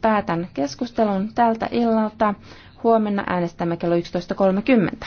päätän keskustelun tältä illalta. Huomenna äänestämme kello 11.30.